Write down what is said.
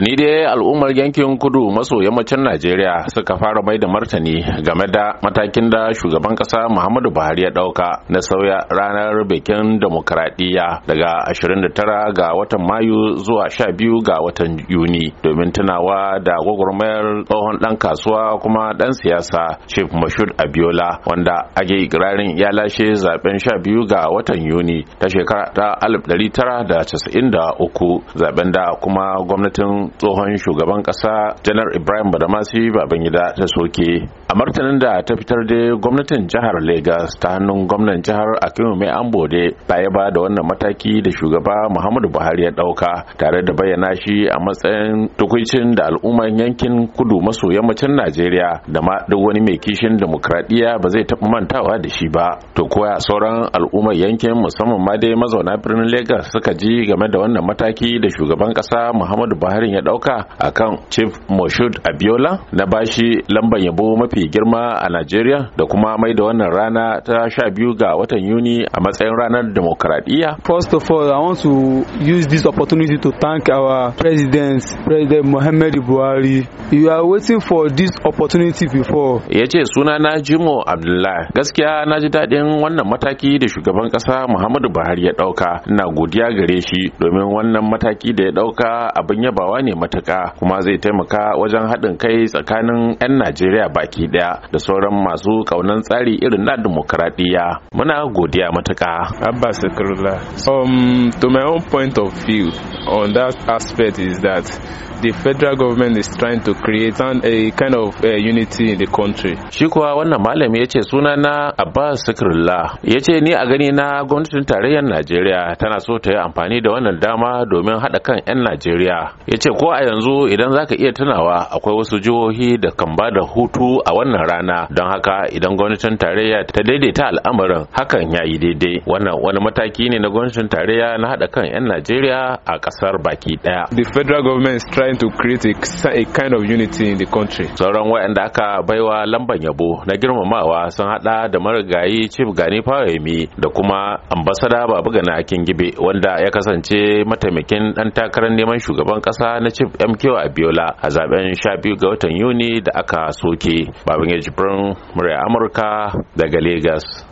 tuni dai al'ummar yankin kudu maso yammacin najeriya suka fara mai da martani game da matakin da shugaban ƙasa muhammadu buhari ya ɗauka na sauya ranar bikin demokradiyya daga 29 ga watan mayu zuwa 12 ga watan yuni domin tunawa da gwagwarmayar tsohon ɗan kasuwa kuma ɗan siyasa chief mashud abiola wanda ake ikirarin ya lashe zaben 12 ga watan yuni ta shekara ta 1993 zaben da kuma gwamnatin tsohon shugaban kasa janar ibrahim badamasi babangida ta soke a martanin da ta fitar da gwamnatin jihar lagos ta hannun gwamnan jihar mai ambode ta ba da wannan mataki da shugaba muhammadu buhari ya dauka tare da bayyana shi a matsayin tukuncin da al'umman yankin kudu maso yammacin najeriya da ma duk wani mai kishin demokradiyya ba zai taɓa mantawa da shi ba to koya sauran al'ummar yankin musamman ma dai mazauna birnin lagos suka ji game da wannan mataki da shugaban kasa muhammadu buhari shugaban ya dauka akan chief moshud abiola na bashi lamban yabo mafi girma a nigeria da kuma mai da wannan rana ta sha biyu ga watan yuni a matsayin ranar demokradiyya first of all i want to use this opportunity to thank our president president mohammed buhari you are waiting for this opportunity before ya ce suna na jimo abdullahi gaskiya na ji daɗin wannan mataki da shugaban ƙasa muhammadu buhari ya ɗauka ina godiya gare shi domin wannan mataki da ya ɗauka abin yabawa ne matuka kuma zai taimaka wajen haɗin kai tsakanin 'yan najeriya baki ɗaya da sauran masu ƙaunan tsari irin na dimokuraɗiyya muna godiya matuka abba sakarula um, to my own point of view on that aspect is that the federal government is trying to create an, a kind of a unity in the country. Shi kuwa wannan malami ya ce suna na Abbas Sikirullah ya ce ni a gani na gwamnatin tarayyar Najeriya tana so ta yi amfani da wannan dama domin haɗa kan 'yan Najeriya. Ya ce ce ko a yanzu idan zaka iya tunawa akwai wasu jihohi da kan ba da hutu a wannan rana don haka idan gwamnatin tarayya ta daidaita al'amarin hakan ya yi daidai wannan wani mataki ne na gwamnatin tarayya na haɗa kan 'yan najeriya a ƙasar baki ɗaya the federal government is trying to create a, kind of unity in the country sauran waɗanda aka baiwa lamban yabo na girmamawa sun haɗa da marigayi chief gani fawemi da kuma ambasada babu gana gibe wanda ya kasance mataimakin ɗan takarar neman shugaban ƙasa na chief mq abiola a zaben 12 ga watan yuni da aka soke babangeji firin murya amurka daga Legas.